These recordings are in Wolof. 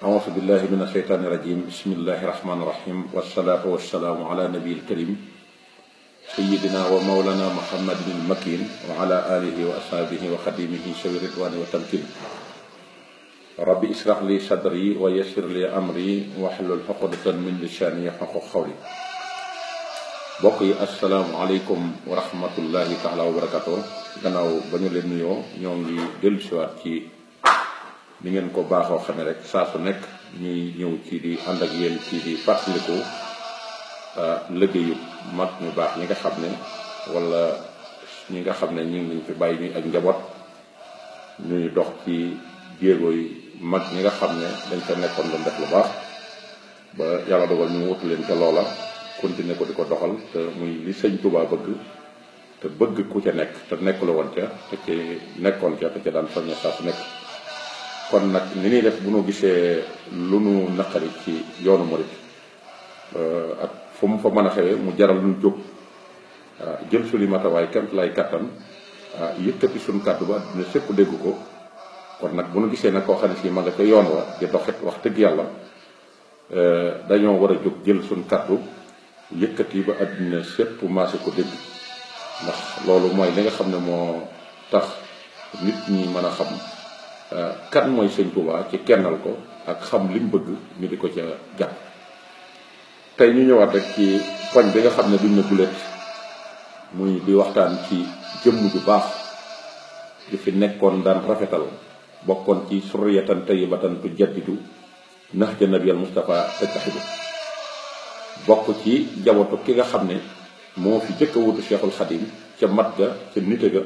auzu billahi min asheytaani rajim bismillahi rahmaani rahim wasalaatu wasalaamu ala nabiil karim sayidina wa mawlana muhammadin il makin wa ala alihi wa ashaabihi wa xadimihi sawi ridwaani wa tamkin rabbi israh li sadri wa yassir li amri waxlul xoqdatan min lisaani yaxaqu xawli mbokk yi asalaamualeykum wa rahmatullahi taala wa barakatu gannaaw ba ñu leen nuyoo ñoo ngi dellusiwaat ci ni ngeen ko baaxoo xamee rek saa su nekk ñuy ñëw ci di ànd ak yéen ci di fàttaliku euh, liggéeyu mag ñu baax ñi nga xam ne wala ñi nga xam ne ñu lañ fi bàyyi ñuy ak njaboot ñuy dox ci jéego yi mag ñi nga xam ne dañ fa nekkoon doon def lu baax ba yàlla dogal ñu wutu leen ca loola continuer ko di ko doxal te muy li sëñ Tuubaa bëgg te bëgg ku ca nekk te nekk la woon ca te ci nekkoon ca te ca daan soññee saa su nekk kon nag ni ñuy def bu nu gisee lu nu naqari ci yoonu murit euh, ak fu mu fa mën a xewee mu jaral nu jóg euh, jël suñu matawaay kent lay kattan euh, yëkkati suñu kàddu ba àdduna sépp dégg ko kon nag bu nu gisee nag koo si ma nga yoon wa di wax dëgg yàlla dañoo war a jóg jël suñu kàddu yëkkati ba àdduna sépp maase ko dégg ndax loolu mooy li nga xam ne moo tax nit ñi mën a xam Euh, kan mooy sëñ Touba ci kennal ko ak xam li bëgg ñu di ko ca jàpp tey ñu ñëwaat rek ci poñ bi nga xam ne duñ na gulet muy di waxtaan ci jëmm ju baax ju fi nekkoon daan rafetal bokkoon ci suriyatan tayyibatan tu jaddidu nax ja nabiyal Mustafa tattaxidu bokk ci jabootu ki nga xam ne moo fi jëkk a wutu Cheikhul Xadim ca mat ga ca nite ga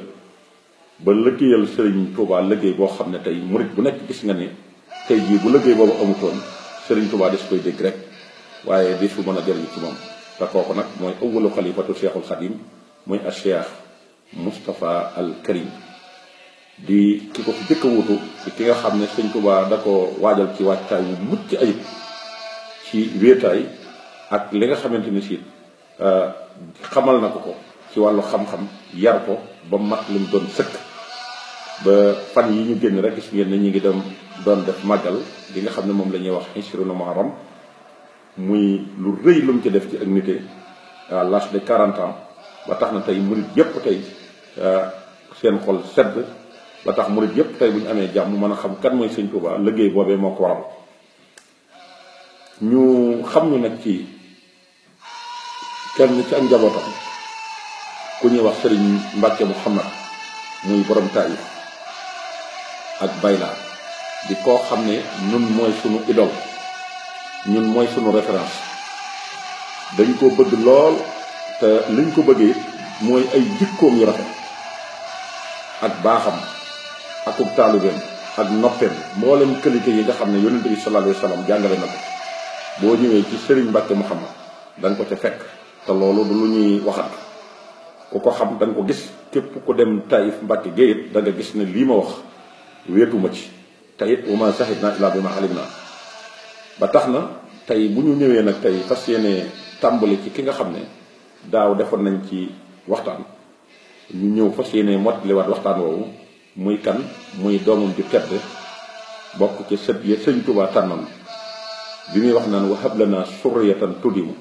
ba lëggéeyal sëriñ Touba lëggéey boo xam ne tey murit bu nekk gis nga ne tey jii bu lëggéey boobu amutoon Serigne Touba des koy dégg rek waaye des su mën a jëriñu ci moom te kooku nag mooy awwalu xalifatu Cheikhul Xadim muy a Cheikh Moustapha al di ki ko fi jëkk a wutu di ki nga xam ne Sëñ Touba da ko waajal ci waajtaay yu mucc ayib ci wéetaay ak li nga xamante ni si euh, xamal na ko ko ci wàllu xam-xam yar ko ba mat lu mu doon sëkk ba fan yi ñu génn rek gis ngeen ne ñu ngi dem doon def màggal li nga xam ne moom la ñuy wax Ishruna Muharram muy lu rëy lu mu ci def ci ak nité à de 40 ans ba tax na tey murit yëpp tey euh, seen xol sedd ba tax murit yëpp tey bu ñu amee jàmm mën a xam kan mooy sëñ Tuuba liggéey boobee moo ko waral ñu xam ñu nag ci kenn ci ak njabootam ku ñuy wax sëriñ Mbàkke Muhammad muy borom Taayif ak bayla di koo xam ne ñun mooy sunu idole ñun mooy sunu référence dañ ko bëgg lool te liñ ko bëggee mooy ay jikkoom yu rafet ak baaxam ak ub taalubeem ak noppeem mboolem qualité yi nga xam ne yonente bi sallallahu alayhi wa jàngale na boo ñëwee ci Serigne Mbacke Mouhamad da ko ca fekk te loolu du lu ñuy waxat ku ko xam da ko gis képp ku dem Taïf Mbacke Guèye da nga gis ne lii ma wax wéetuma ci tey it wa ma sahid naa illaa bi ma alim naa ba tax na tey bu ñu ñëwee nag tey fas yéene tàmbali ci ki nga xam ne daaw defoon nañ ci waxtaan ñu ñëw fas yéene mottaliwaat waxtaan woowu muy kan muy doomam ju tedd bokk ci sët ya sëñ Tuubaa tànnoon bi muy wax naan wahab lana surriyatan tuddimu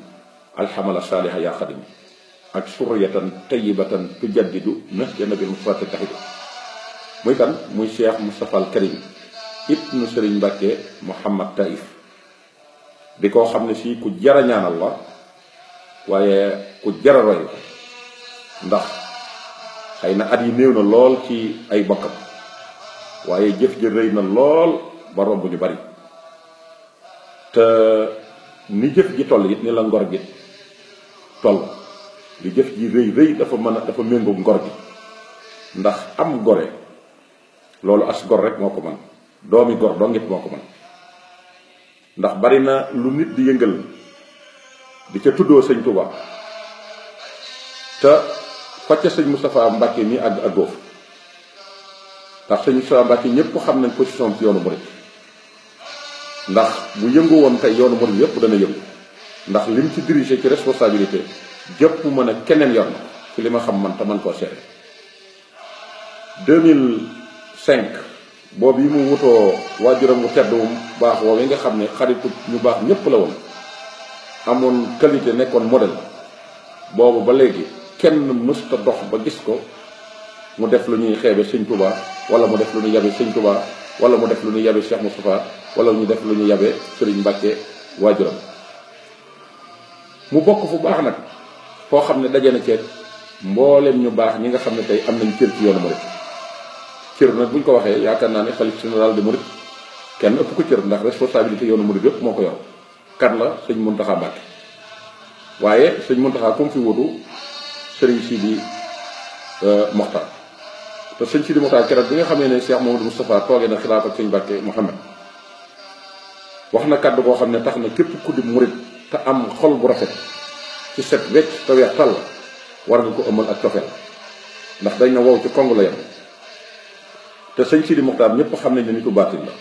alxamala saaliha yaa xadim ak surriyatan tayyibatan tujaddidu na ya nabil mustafaa taxidu muy kan muy cheikh Moustapha al Karim ibnu Serigne Mbacke Mouhamad koo xam ne si ku jara ñaanal la waaye ku jara ndax xëy na at yi néew na lool ci ay bokkam waaye jëf ji rëy na lool ba romb ñu bari te ni jëf ji toll yi ni la ngor gi toll li jëf ji rëy rëy dafa mën a dafa méngoog ngor gi ndax am gore loolu as gor rek moo ko mën doomi gor dongit moo ko mën ndax bari na lu nit di yëngal di ca tuddoo sëñ Tuubaa te facca sëñ Moustapha Mbacke mi àgg ak góof ndax sëñ Moustapha Mbacke ñëpp xam nañ position ci yoonu murit ndax mu yëngu woon tey yoonu murit yëpp dana yëngu ndax lim ci dirigé ci responsabilité jëpp mën a keneen yor na ci li ma xam man te man koo seere cinq boobu yi mu wutoo waajuram mu tedd wu baax woowu yi nga xam ne xaritu ñu baax ñépp la woon amoon qualité nekkoon modèle boobu ba léegi kenn mësta dox ba gis ko mu def lu ñuy xeebe sëñ Touba wala mu def lu ñu yabe sëñ Touba wala mu def lu ñuy yabe Cheikh Moustapha wala ñu def lu ñuy yabe Serigne Mbacke waajuram mu bokk fu baax nag foo xam ne daje na ceet mboolem ñu baax ñi nga xam ne tey am nañ cër ci yoonu ma cër nag bu ñu ko waxee yaakaar naa ne xalif général di Mouride kenn ëpp ko cër ndax responsabilité yoonu Mouride yëpp moo ko yor kan la sëñ Mountakha Mbacké waaye sëñ Mountakha comme fi wutu sëriñ Sidi euh, Mokhtar te sëñ Sidi Mokhtar keroog bi nga xamee ne Cheikh Mamadou Moustapha toogee na xilaaf ak sëñ Mbacké Mouhamed wax na kàdd koo xam ne tax na képp ku di Mouride te am xol bu rafet ci set wecc te weex tàll war nga ko ëmmal ak cofeel ndax dañ na wow ci kong la yem te sëñ Sidi Muxtaar ñëpp xam nañ ne nitu baatin la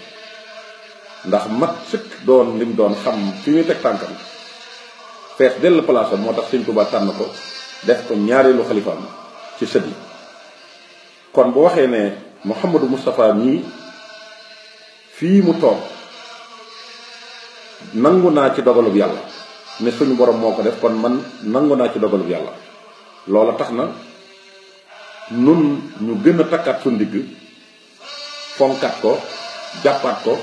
ndax mat sëkk doon lim doon xam suñu muy teg tànkam fees dell palaasam moo tax sëñ Tuubaa tànn ko def ko ñaareelu xalifaam ci sët yi kon bu waxee ne Mouhamadou Moustapha nii fii mu toog nangu naa ci dogalub yàlla ne suñu borom moo ko def kon man nangu naa ci dogalub yàlla loola tax na nun ñu gën a takkaat suñu digg fonkat ko jàppaat ko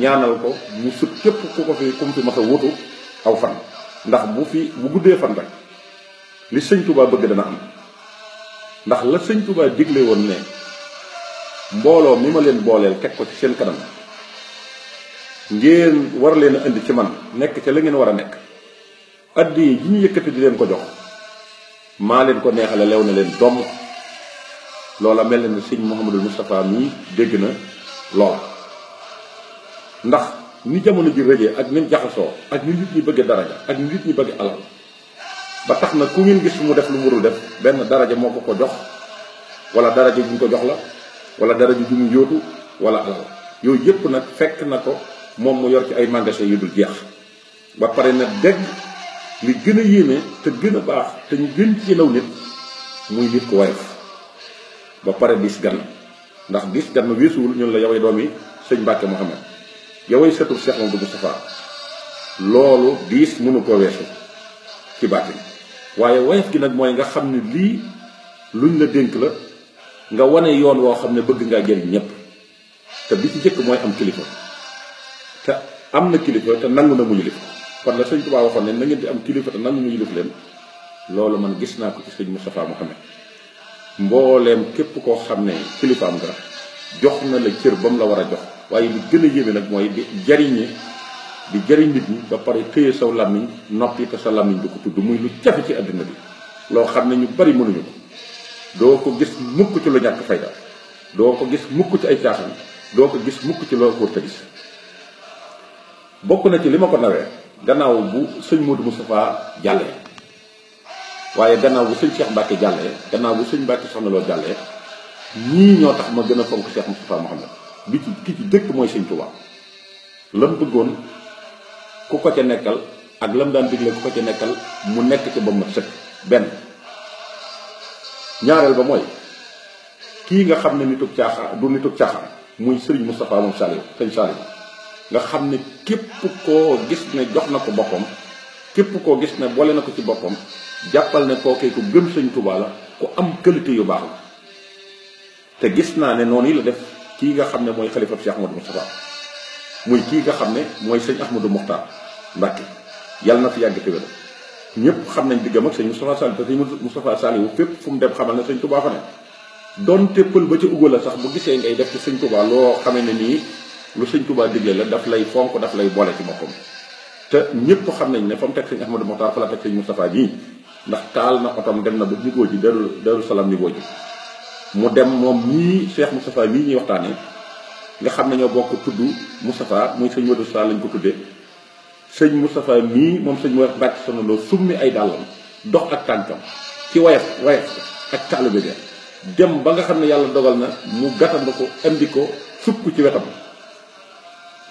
ñaanal ko mu sut képp ku ko fi ku mu fi mas a wutu aw fan ndax bu fi bu guddee fan rek li sëñ tubaa bëgg dana am ndax la sëñ Touba digle woon ne mbooloo mi ma leen booleel teg ko ci seen kanam ngeen war leen a indi ci man nekk ci la ngeen war a nekk addi yi ñu yëkkati di leen ko jox maa leen ko neexale lew na leen doom loola mel na ni sëñ Mouhamadou Moustapha mii dégg na loola ndax ni jamono ji rëjee ak ni jaxasoo ak ni nit ñi bëgg daraja ak ni nit ñi bëgg alal ba tax na ku ngeen gis mu def lu mu def benn daraja moo ko ko jox wala daraja ju ñu ko jox la wala daraja ju mu yóotu wala alal yooyu yëpp nag fekk na ko moom mu yor ci ay magasin yu dul jeex ba pare na dégg li gën a yéeme te gën a baax te ñu gën ci naw nit muy nit ko woyof ba pare diis ganna ndax diis gan weesuwul ñun la yowee doom yi sëñ Mbàkke Mouhamad yowee sëtu Cheikh Mamadou Moustapha loolu diis mënu ko weesu ci baatin waaye woyof gi nag mooy nga xam ni lii luñ la dénk la nga wane yoon woo xam ne bëgg ngaa jëriñ ñëpp te bi ci njëkk mooy am kilifa te am na kilifa te nangu na mu yilif kon la sëñ Tuubaa waxoon ne na ngeen di am kilifa te nangu mu yilif leen loolu man gis naa ko ci sëñ Moustapha Mouhamad mbooleem képp koo xam ne kilifaam nga jox na la cër ba mu la war a jox waaye li gën a yéeme nag mooy di jariñe di jariñ nit ba pare téye saw làmmiñ noppi te sa làmmiñ du ko tudd muy lu jafe ci àddina bi loo xam ne ñu bari mënuñu ko doo ko gis mukk ci lu ñàkk fayda doo ko gis mukk ci ay caaxaan doo ko gis mukk ci loo ko te gis bokk na ci li ma ko nawee gannaaw bu sëñ Modou Moustapha jàllee waaye gannaaw bu sëñ Cheikh Mbacke jàllee gannaaw bu sëñ Mbacke soxna loo jàllee ñii ñoo tax ma gën a fonk Cheikh Moustapha Mouhamed mooy sëñ Touba lam ko ca nekkal ak lam daan digle ku ko nekkal mu nekk ci ba mu sëkk benn ñaareel ba mooy kii nga xam ne nitug caaxaan du nitug muy sëriñ Moustapha moom Saliou sëñ nga xam ne képp koo gis ne jox na ko boppam képp koo gis ne boole na ko ci boppam jàppal ne kookee ku gëm sëñ Tuubaa la ku am qualité yu baax la te gis naa ne noonu yi la def kii nga xam ne mooy xalifa Cheikh Ahmadou Moustapha muy kii nga xam ne mooy sëñ Ahmadou Mokhtar Mbacke yàlla na fi yàgg te ñëpp xam nañ diggam ak sëñ Moustapha Sall te sëñ Moustapha Sall wu fépp fu mu dem xamal ne sañ Tuubaa fa ne donte pël ba ca Ugo la sax bu gisee ngay def ci sëñ Tuubaa loo xamee ne nii lu sëñ Tuubaa digle la daf lay fonk daf lay boole ci boppam te ñëpp xam nañ ne fa mu teg sëñ Ahmadou Mokhtar fa la teg ndax taal na otom dem na ba nigoo ji daru daru salaam nigoo ji mu dem moom mii Cheikh Moustapha mii ñuy waxtaanee nga xam ne ñoo bokk tudd Moustapha muy sëñ Modou Sall lañ ko tuddee sëñ Moustapha mii moom sëñ Modou Mbacke Soxna Lo summi ay dàllam dox ak tànkam ci wayaf wayaf ak taalibe ga dem ba nga xam ne yàlla dogal na mu gàttandu ko indi ko sukk ci wetam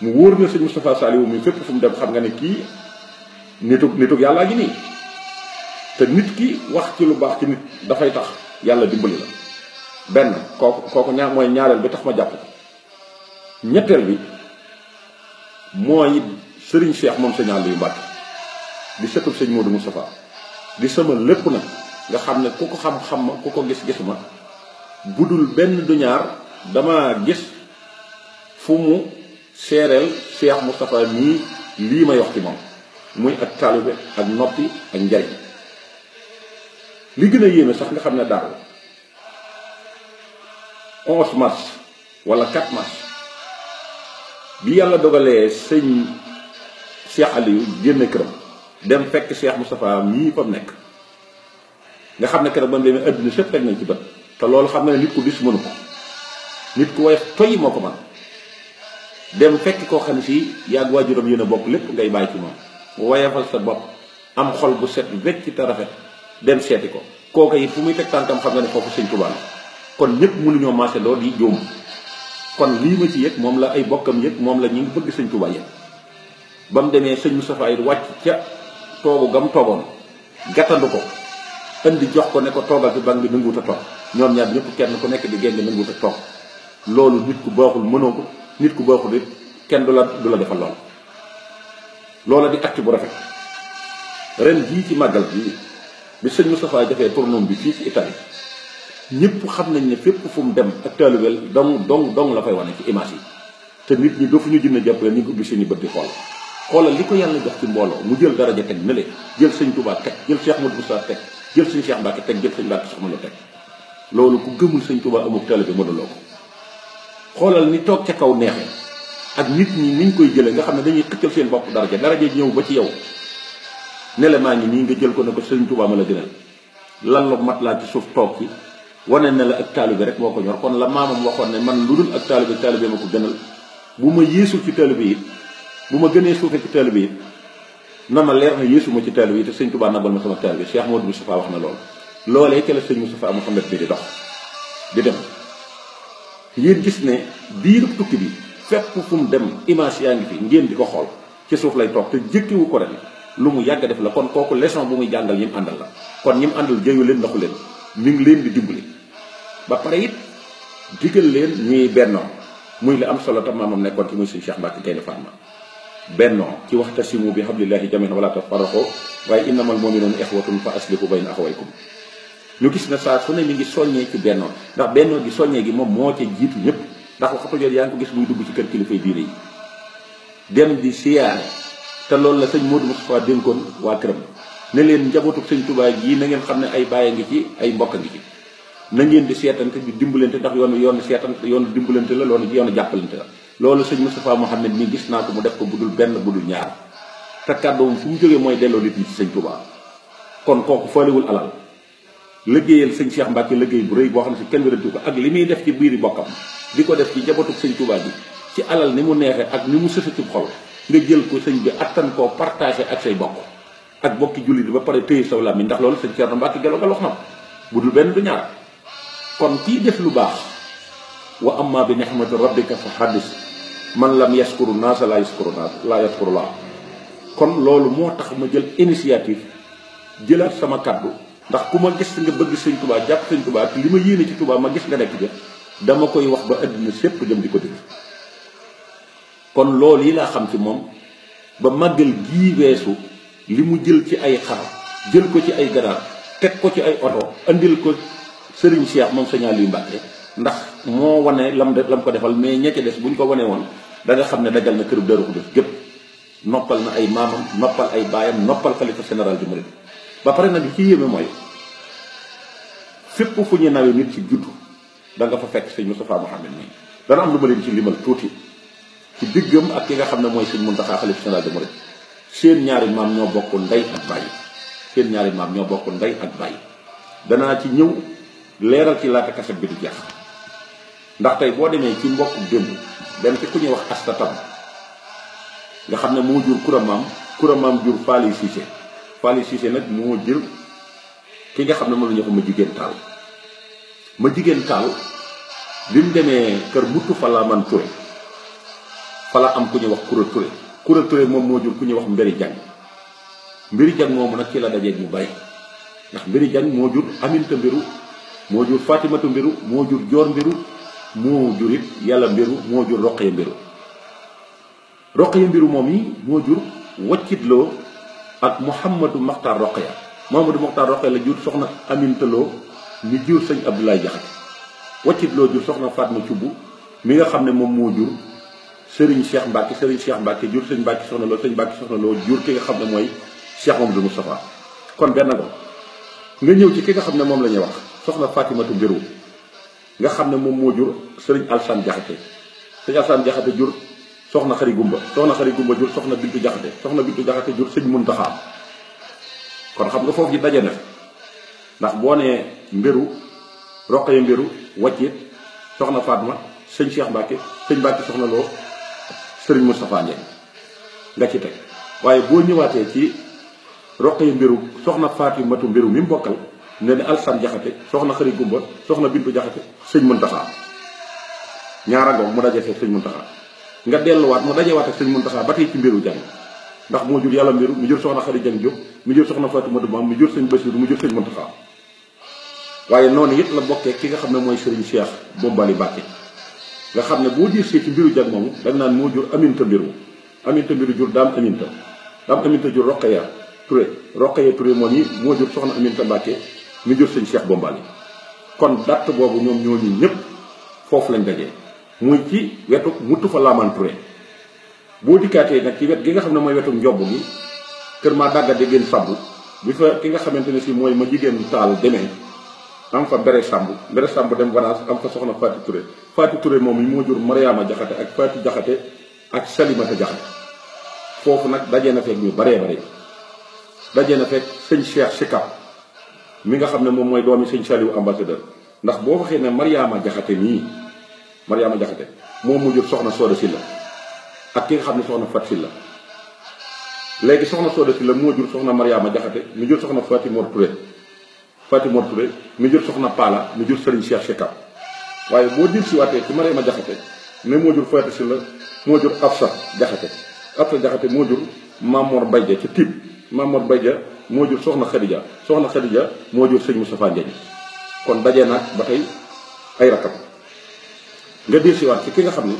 mu wóor na sëñ Moustapha Saliou mu fépp fu mu dem xam nga ne kii nitug nitug yàlla ngi nii te nit ki wax ci lu baax ci nit dafay tax yàlla dimbali la benn kooku kooku ñaar mooy ñaareel bi tax ma jàpp ko ñetteel bi mooy sëriñ Cheikh moom sëñ Aliou Mbacke di sëtub sëñ Modou Moustapha di sama lépp nag nga xam ne ku ko xam-xam ma ku ko gis-gis ma dul benn du ñaar dama gis fu mu seereel Cheikh Moustapha nii lii may wax ci moom muy ak taalibe ak noppi ak njariñ li gën a yéeme sax nga xam ne daaw 11 mars wala 4 mars bi yàlla dogalee sëñ Cheikh Aliou génn këram dem fekk Cheikh Moustapha mii fa mu nekk nga xam ne keroog ba mu demee adduna sépp teg nañ ci bët te loolu xam na ne nit ku dis mënu ko nit ku woyof toy moo ko man dem fekk koo xam ne si yàgg waajuram yéen a bokk lépp ngay bàyyi ci moom woyofal sa bopp am xol bu set wecc te rafet dem seeti ko kooka yi fu muy teg tànkam xam nga ne foofu sëñ Tuubaa la kon ñëpp ñoo marché doo di jóom kon lii ma ci yëg moom la ay bokkam yëg moom la ñu ngi bëgg sëñ Tuubaa yëg ba mu demee sëñ Moustapha it wàcc ca toogu gam toogoon gàttandu ko indi jox ko ne ko toogal fi bang bi nanguwut a toog ñoom ñaar ñëpp kenn ku nekk di génn nanguwut a toog loolu nit ku baaxul mënoo ko nit ku baaxul kenn du la du la defal lool loola di acte bu rafet ren jii ci màggal bi sëñ Moustapha defee tournom bi fii ci Italie ñëpp xam nañ ne fépp fu mu dem ak taalibeel dong don dong la fay wane ci image yi te nit ñi doo fu ñu jënd jàppale ñu ngi ubbi seen i bët di xool xoolal li ko yàlla jox ci mbooloo mu jël daraja teg ne jël sañ tubaat teg jël Cheikh Modou Moussa teg jël sëñ Cheikh Mbacke teg jël sëñ Mbacke Soxna Lo teg loolu ku gëmul sëñ Touba amul taalibe mënuloo ko xoolal ni toog ca kaw neexee ak nit ñi niñ koy jëlee nga xam ne dañuy xëccal seen bopp daraja daraja ñëw ba ci yow ne la maa ngi nii nga jël ko ne ko sëriñ Tuubaa ma la gënal lan la mat laa ci suuf toog ci wane ne la ak taalibe rek moo ko ñor kon la maamam waxoon ne man lu dul ak taalibe taalibe ma ko gënal bu ma yéesul ci taalibe it bu ma gënee suufee ci taalibe it na ma leer na yéesu ci taalibe yi te sëñ Tuubaa nabal ma sama taalibe Cheikh Modou Moustapha wax na loolu loolee ca la sëñ Moustapha Mouhamed bi di dox di dem yéen gis ne biiru tukki bi fépp fu mu dem image yaa ngi di ko xool ci suuf lay toog te jëkkiwu ko ren lu mu yàgg def la kon kooku leçon bu muy jàngal ñi mu àndal la kon ñi mu àndal jëyu leen ndaxu leen mi ngi leen di dimbali ba pare it digal leen ñuy bennoo muy la am solo tam maamam nekkoon ci muy suñu Cheikh Mbacke Gaynde Fatma bennoo ci waxtasimu bi hablillahi jamii'an wala tafarraqu waaye innamal mu'minuuna ixwatun fa aslihu bayna axawaykum ñu gis na saa su ne mi ngi soññee ci bennoo ndax bennoo gi soññee gi moom moo ca jiitu ñëpp ndax waxtu jot yaa ngi ko gis muy dugg ci kër kilifa diine yi dem di siyaare te loolu la sëñ Modou Moustapha dénkoon waa këram ne leen njabootu sëñ Touba jii na ngeen xam ne ay bàyyi ngi ci ay mbokk ngi ci na ngeen di seetante di dimbalante ndax yoon yoon seetante yoon dimbalante la loolu yoon jàppalante la loolu sëñ Moustapha Mohamed nii gis naa ko mu def ko budul benn budul ñaar te kàddoom fu mu jógee mooy delloo nit ñi ci sëñ Touba kon kooku faalewul alal liggéeyal sëñ Cheikh Mbacke liggéey bu rëy boo xam ne si kenn wérantu ko ak li muy def ci biiri bokkam di ko def ci njabootu sëñ bi ci alal ni mu neexee ak ni mu sëfe ci nga jël ko sëñ bi attan koo partagé ak say bokk ak bokki jullit ba pare téye saw làmmiñ ndax loolu sëñ Thierno Mbacke Gallo Gallo wax na bu dul benn du ñaar kon kii def lu baax wa amma bi nihmati rabbika fa hadis man lam yaskuru naasa laa yaskuru naas laa yaskuru laa kon loolu moo tax ma jël initiative jëlaat sama kàddu ndax ku ma gis nga bëgg sëñ Touba jàpp sëñ Touba te li ma yéene ci Touba ma gis nga nekk jëf dama koy wax ba àddina sépp jëm di ko dégg kon loolu yi laa xam ci moom ba màggal gii weesu li mu jël ci ay xar jël ko ci ay ganaar teg ko ci ay oto andil ko sëriñ Cheikh moom sëñ Aliou Mbacke ndax moo wane lam lam ko defal mais ña ca des bu ñu ko wanee woon da xam ne dajal na këru Darou Khoudoss gépp noppal na ay maamam noppal ay baayam noppal xalifa général du Mouride ba pare nag li ci yéeme mooy fépp fu ñu nawe nit ci juddu da nga fa fekk sëñ Moustapha Mouhamed nii dana am lu ma leen ci limal tuuti. ci diggam ak ki nga xam ne mooy Sëriñ Muntaxa xalifa général des mourides seen ñaari maam ñoo bokk ndey ak bàyyi seen ñaari maam ñoo bokk ndey ak bàyyi danaa ci ñëw leeral ci laata kaset bi du jeex ndax tey boo demee ci mbokk démb dem ku ñuy wax asta tam nga xam ne moo jur kuramaam kuramaam jur faali siise faali nag moo jur ki nga xam ne moom la ñu ko ma jigéen taal ma jigéen taal bi mu demee kër muttu fa laa fa am ku ñu wax Koura Touré Koura moom moo jur ku ñuy wax Mbéri jàng Mbéri Diagne moomu nag ci la dajee ñu bay ndax mbari Diagne moo jur Aminta Mbiru moo jur Fatimata Mbiru moo jur Joor Mbiru moo jur yàlla Mbiru moo jur Roqaya Mbiru Roqaya Mbiru moom yi moo jur waccitloo ak Mouhamadou Makhtar Roqaya Mouhamadou Makhtar Roqaya la jur soxna Aminta Lo mi jur sëñ Abdoulaye Jaxate waccitloo jur soxna Fatma Cubb mi nga xam ne moom moo jur sëriñ Cheikh Mbacke sëriñ Cheikh Mbacke jur sëñ Mbacke soxna loo sëñ Mbacke soxna loo jur ki nga xam ne mooy Cheikh Mamadou Moustapha kon benn nga ñëw ci ki nga xam ne moom la ñuy wax soxna Fatimatu Mbirou nga xam ne moom moo jur sëriñ Alsane Diakhaté sëñ Alsane Diakhaté soxna Xari Gumba soxna Xari Gumba jur soxna Bintu Diakhaté soxna Bintu Diakhaté jur sëñ Muntaxa kon xam nga foofu ji daje ndax boo nee Mbirou Roqaye Mbirou soxna Fatma sëñ Cheikh Mbacke sëñ Mbacke soxna loo sëriñ Moustapha Ndiaye nga ci teg waaye boo ñëwaatee ci roq yi mbiru soxna matu mbiru mi mu bokkal ne ni Alsan Jaxate soxna Xari Gumba soxna Bintu Jaxate sëñ Muntaxa ñaara ngoog mu daje ak sëñ Muntaxa nga delluwaat mu dajewaat ak sëñ Muntaxa ba tey ci mbiru jàng ndax moo jur yàlla mbiru mu jur soxna Xari Jang Jóob mu jur soxna Fatimatu Maam mu jur sëñ Basiru mu jur sëñ Muntaxa waaye noonu it la bokkee ki nga xam ne mooy sëriñ Cheikh Bombali Mbàkke nga xam ne boo diisee ci mbiru jag moom da naan moo jur aminta mbiru aminta mbiru jur daam aminta daam aminta jur roqaya Touré roqaya Touré moom yi moo jur soxna aminta Mbàkke mu jur sëñ Cheikh Bombali kon dàtt boobu ñoom ñooñu ñëpp foofu lañ daje muy ci wetu muttu fa laamaan Touré boo dikkaatee nag ci wet gi nga xam ne mooy wetu njobb gi kër maa dàgga de génn sàbbu bi fa ki nga xamante ne si mooy ma jigéen taal demee am fa bere sàmb bere sàmb dem Valence am fa soxna Fatou Touré Fatou Touré moom yi moo jur Mariama Jaxate ak Fatou Jaxate ak Salimata Jaxate foofu nag dajee na fekk ñu baree bare dajee na fekk sëñ Cheikh Sikap mi nga xam ne moom mooy doomi sëñ Saliou ambassadeur ndax boo waxee ne Mariama Jaxate nii Mariama Jaxate moom mu jur soxna Sooda Silla ak ki nga xam ne soxna Fatou Silla léegi soxna Sooda Silla moo jur soxna Mariama Jaxate mu jur soxna Fatou Mor Touré Fatima Touré mi jur soxna Paala mu jur Serigne Cheikh Cheikh waaye boo dir si waatee ci Mariama Jaxate ne moo jur Fatou si la moo jur Absa Jaxate Absa Jaxate moo jur Mamor Bayja ci tiib Mamor Bayja moo jur soxna Khadija soxna Khadija moo jur sëñ Moustapha Ndiaye kon dajee nag ba tey ay rakam nga dir si waat ci ki nga xam ni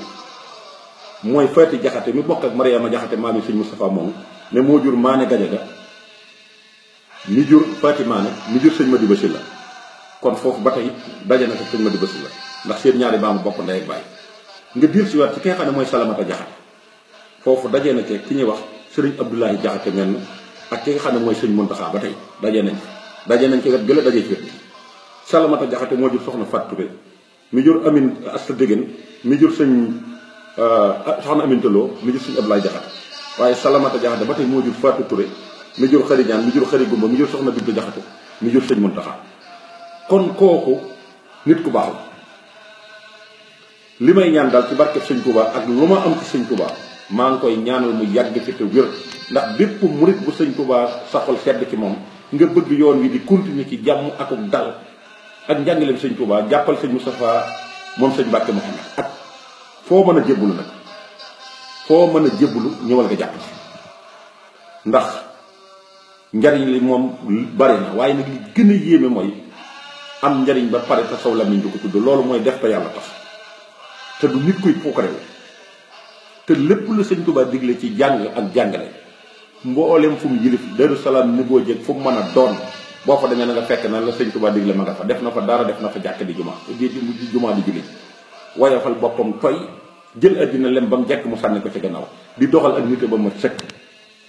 mooy Fatou Jaxate mi bokk ak Mariama Jaxate maam yi sëñ Moustapha moomu ne moo jur Maane Gajaga mi jur Fatima nag mi jur sëñ Madiba la kon foofu ba tey daje na ko sëñ Madiba Sylla ndax seen ñaari ma bokk ndey ak baay nga biir si waat ci ki nga xam ne mooy Salamata Jaxate foofu daje na ci ki ñuy wax sëriñ Abdoulaye Jaxate mel na ak ki nga xam ne mooy sëñ Muntaxa ba tey daje nañ daje nañ ci wet gële daje ci wet Salamata Jaxate moo jur soxna Fatou Touré mi jur Amin Asta Degen mi jur sëñ euh, soxna Amin Talo mi jur sëñ Abdoulaye Jaxate waaye Salamata Jaxate ba tey moo jur Fatou Touré mu jur xëri ñaan mi jur xëri gumba mi jur soxna bintu jaxate mi jur sëñ Muntaxa kon kooku nit ku baax la li may ñaan daal ci barkeb sëñ Tuubaa ak lu ma am ci sëñ Tuubaa maa ngi koy ñaanal mu yàgg fi te wér ndax bépp murit bu sëñ Tuubaa saxol sedd ci moom nga bëgg yoon wi di continuer ci jàmm akuk dal ak njàngaleem sëñ Tuubaa jàppal sëñ Moustapha moom sëñ Mbàkke Mouhamed ak foo mën a jébbalu nag foo mën a jébbalu ñëwal nga jàpp ci ndax njariñ li moom bari na waaye nag li gën a yéeme mooy am njariñ ba pare te saw làmmiñ du ko tudd loolu mooy def te yàlla tax te du nit kuy puukare te lépp lu sëñ Tuubaa digle ci jàng ak jàngale mboolem fu mu yilif Daaru Salaam ni boo jëg fu mu mën a doon boo fa demee na nga fekk na la sëñ Tuubaa digle ma nga def na fa dara def na fa jàkk di juma di juma di julli woyofal boppam toy jël addina lem ba mu jekk mu sànni ko ci gannaaw di doxal ak nit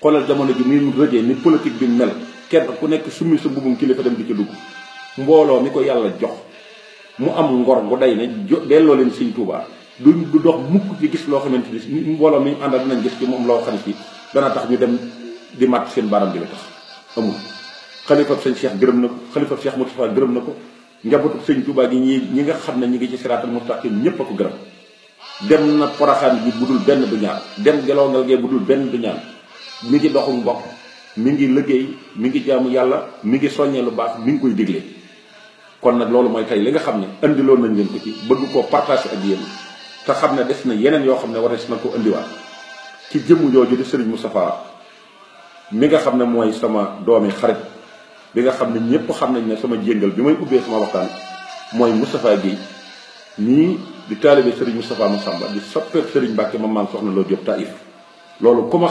xoolal jamono ji muy rëjee ni politique bi mel kenn ku nekk summi sa mbubbum kilifa dem di ci dugg mbooloo mi ko yàlla jox mu am ngor gu day ne jo delloo leen Sëñ Tuubaa du du dox mukk ci gis loo xamante ni mbooloo mi àndal dinañ gis ci moom loo xam ci dana tax ñu dem di màtt seen baram di tax amul xalifab sëñ Cheikh gërëm na ko xalifab Cheikh Moustapha gërëm na ko njabootu sëñ Touba gi ñi ñi nga xam ne ñi ngi ci siraatal mustaqim ñépp a ko gërëm dem na poroxaan gi bu dul benn du ñaar dem geloo ngal gee bu dul benn du ñaar mu ngi doxum mbokk mi ngi liggéey mi ngi jàmm yàlla mi ngi soññee lu baax mi ngi koy digle kon nag loolu mooy tey li nga xam ne indiloon nañ leen ko ci bëgg koo partager ak yéen te xam ne des na yeneen yoo xam ne war na ko indiwaat ci jëmm jooju di Serigne Moustapha mi nga xam ne mooy sama doomi xarit bi nga xam ne ñëpp xam nañ ne sama jëngal bi may ubbee sama waxtaan mooy Moustapha Guèye nii di taalibe Serigne Moustapha Massamba di soppeeku Serigne Mbacke ma maam soxna loo Diop Taïf loolu ku ma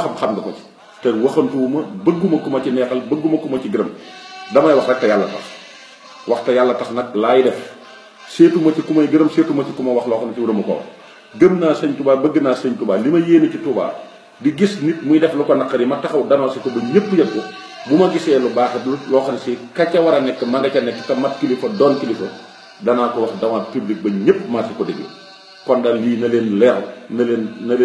te waxantuwuma bëgguma ku ma ci neexal bëgguma ku ma ci gërëm damay wax rek te yàlla tax wax te yàlla tax nag laay def seetuma ci ku may gërëm seetuma ci ku ma wax loo xam ne ci waruma ko wax naa sëñ Touba bëgg naa sëñ Touba li ma yéene ci Touba di gis nit muy def lu ko naqari ma taxaw danoncé ko ba ñëpp yëg bu ma gisee lu baax loo xam ne si ka ca war a nekk ma nga ca nekk te mat kilifa doon kilifa danaa ko wax devant public ba ñëpp maa si ko déglu kon daal lii na leen leer na leen na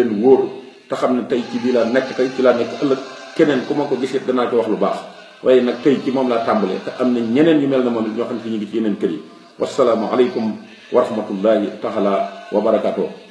te xam na tey ci bii laa nekk tey ci laa nekk ëllëg keneen ku ma ko gisee danaa ci wax lu baax waaye nag tey ci moom laa tàmbalee te am na ñeneen yu mel ne moom it ñoo xam ne ñu ngi ci yeneen kër yi wasalaamu aleykum wa rahmatullahi taala wa barakatuh